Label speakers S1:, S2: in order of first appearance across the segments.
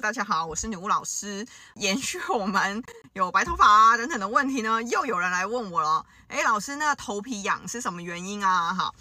S1: 大家好，我是女巫老師。延續我們有白頭髮啊等等的問題呢，又有人來問我了。哎，老師，那頭皮癢是什麼原因啊？哈，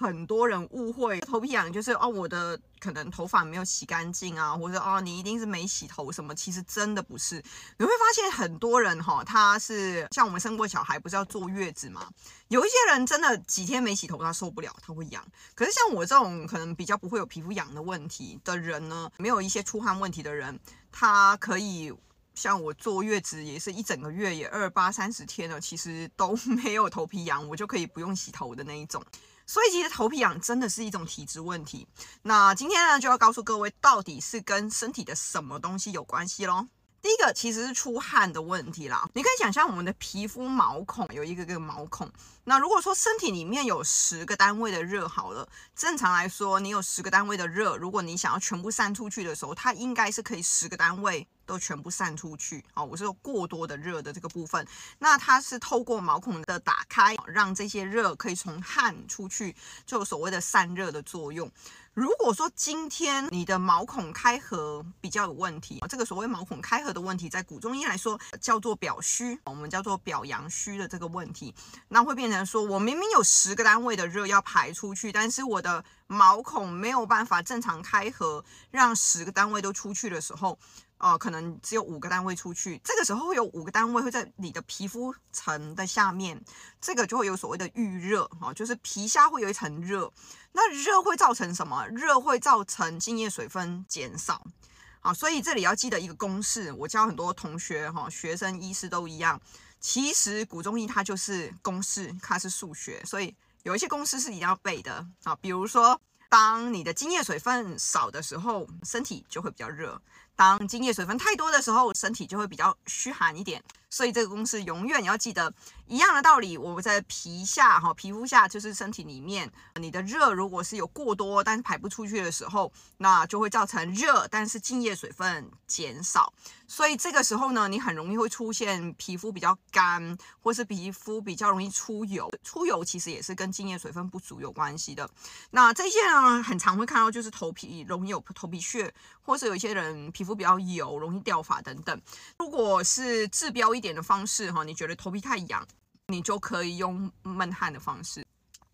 S1: 很多人誤會頭皮癢就是哦，我的。可能頭髮沒有洗乾淨啊，或者哦，你一定是沒洗頭什麼？其實真的不是。你會發現很多人哈、哦，他是像我們生過小孩，不是要坐月子嗎？有一些人真的幾天沒洗頭，他受不了，他會癢。可是像我這種可能比較不會有皮膚癢的問題的人呢，沒有一些出汗問題的人，他可以像我坐月子也是一整個月也二八三十天了，其實都沒有頭皮癢，我就可以不用洗頭的那一種。所以其實頭皮癢真的是一種體質問題。那今天呢，就要告訴各位，到底是跟身體的什麼東西有關係咯。第一個其實是出汗的問題啦，你可以想象我們的皮膚毛孔有一個個毛孔，那如果說身體裡面有十個單位的熱好了，正常來說你有十個單位的熱，如果你想要全部散出去的時候，它應該是可以十個單位都全部散出去。好，我是說過多的熱的這個部分，那它是透過毛孔的打開，讓這些熱可以從汗出去，就所謂的散熱的作用。如果說今天你的毛孔開合比較有問題，這個所謂毛孔開合的問題，在古中醫來說叫做表虛，我們叫做表陽虛的這個問題，那會變成說我明明有十個單位的熱要排出去，但是我的。毛孔沒有辦法正常開合，讓十個單位都出去的時候，哦、呃，可能只有五個單位出去。這個時候會有五個單位會在你的皮膚層的下面，這個就會有所謂的預熱，哈、哦，就是皮下會有一層熱。那熱會造成什麼？熱會造成精液水分減少，好、哦，所以這裡要記得一個公式。我教很多同學，哈、哦，學生、醫師都一樣。其實古中醫它就是公式，它是數學，所以。有一些公司是一定要背的啊，比如說，當你的津液水分少的時候，身體就會比較熱；當津液水分太多的時候，身體就會比較虛寒一點。所以這個公式永遠要記得，一樣的道理，我們在皮下哈，皮膚下就是身體裡面，你的熱如果是有過多，但是排不出去的時候，那就會造成熱，但是津液水分減少。所以這個時候呢，你很容易會出現皮膚比較乾，或是皮膚比較容易出油。出油其實也是跟津液水分不足有關係的。那這些呢，很常會看到就是頭皮容易有頭皮屑，或是有一些人皮膚比較油，容易掉髮等等。如果是治標一。一點的方式哈，你覺得頭皮太癢，你就可以用悶汗的方式，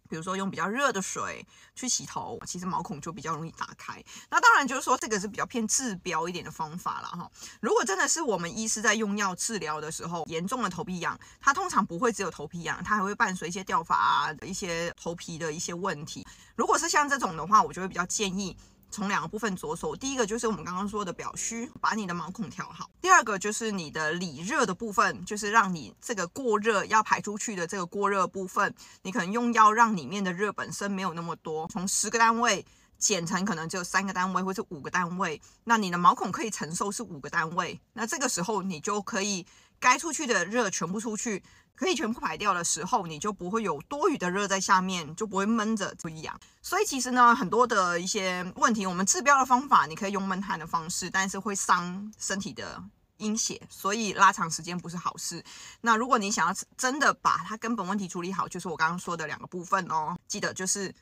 S1: 比如說用比較熱的水去洗頭，其實毛孔就比較容易打開。那當然就是說這個是比較偏治標一點的方法了哈。如果真的是我們醫師在用藥治療的時候，嚴重的頭皮癢，它通常不會只有頭皮癢，它還會伴隨一些掉髮啊，一些頭皮的一些問題。如果是像這種的話，我就會比較建議。從兩個部分着手，第一個就是我們剛剛說的表虛，把你的毛孔調好；第二個就是你的裡熱的部分，就是讓你這個過熱要排出去的這個過熱部分，你可能用藥讓裡面的熱本身沒有那麼多，從十個單位。減成可能只有三個單位或是五個單位，那你的毛孔可以承受是五個單位，那這個時候你就可以該出去的熱全部出去，可以全部排掉的時候，你就不會有多餘的熱在下面，就不會悶着不一樣。所以其實呢，很多的一些問題，我們治標的方法你可以用悶汗的方式，但是會傷身體的陰血，所以拉長時間不是好事。那如果你想要真的把它根本問題處理好，就是我剛剛說的兩個部分哦，記得就是。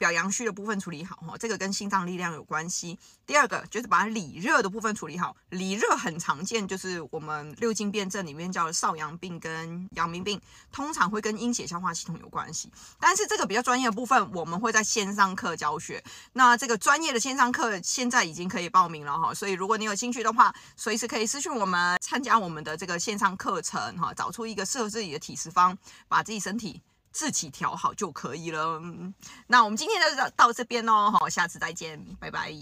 S1: 表陽虛的部分處理好哈，這個跟心臟力量有關係。第二個就是把裡熱的部分處理好，裡熱很常見，就是我們六經辨證裡面叫少陽病跟陽明病，通常會跟陰血消化系統有關係。但是這個比較專業的部分，我們會在線上課教學。那這個專業的線上課現在已經可以報名了哈，所以如果你有興趣的話，隨時可以私訊我們參加我們的這個線上課程哈，找出一個適合自己的體式方，把自己身體。自己調好就可以了。那我們今天就到，到這邊嘍，好，下次再見，拜拜。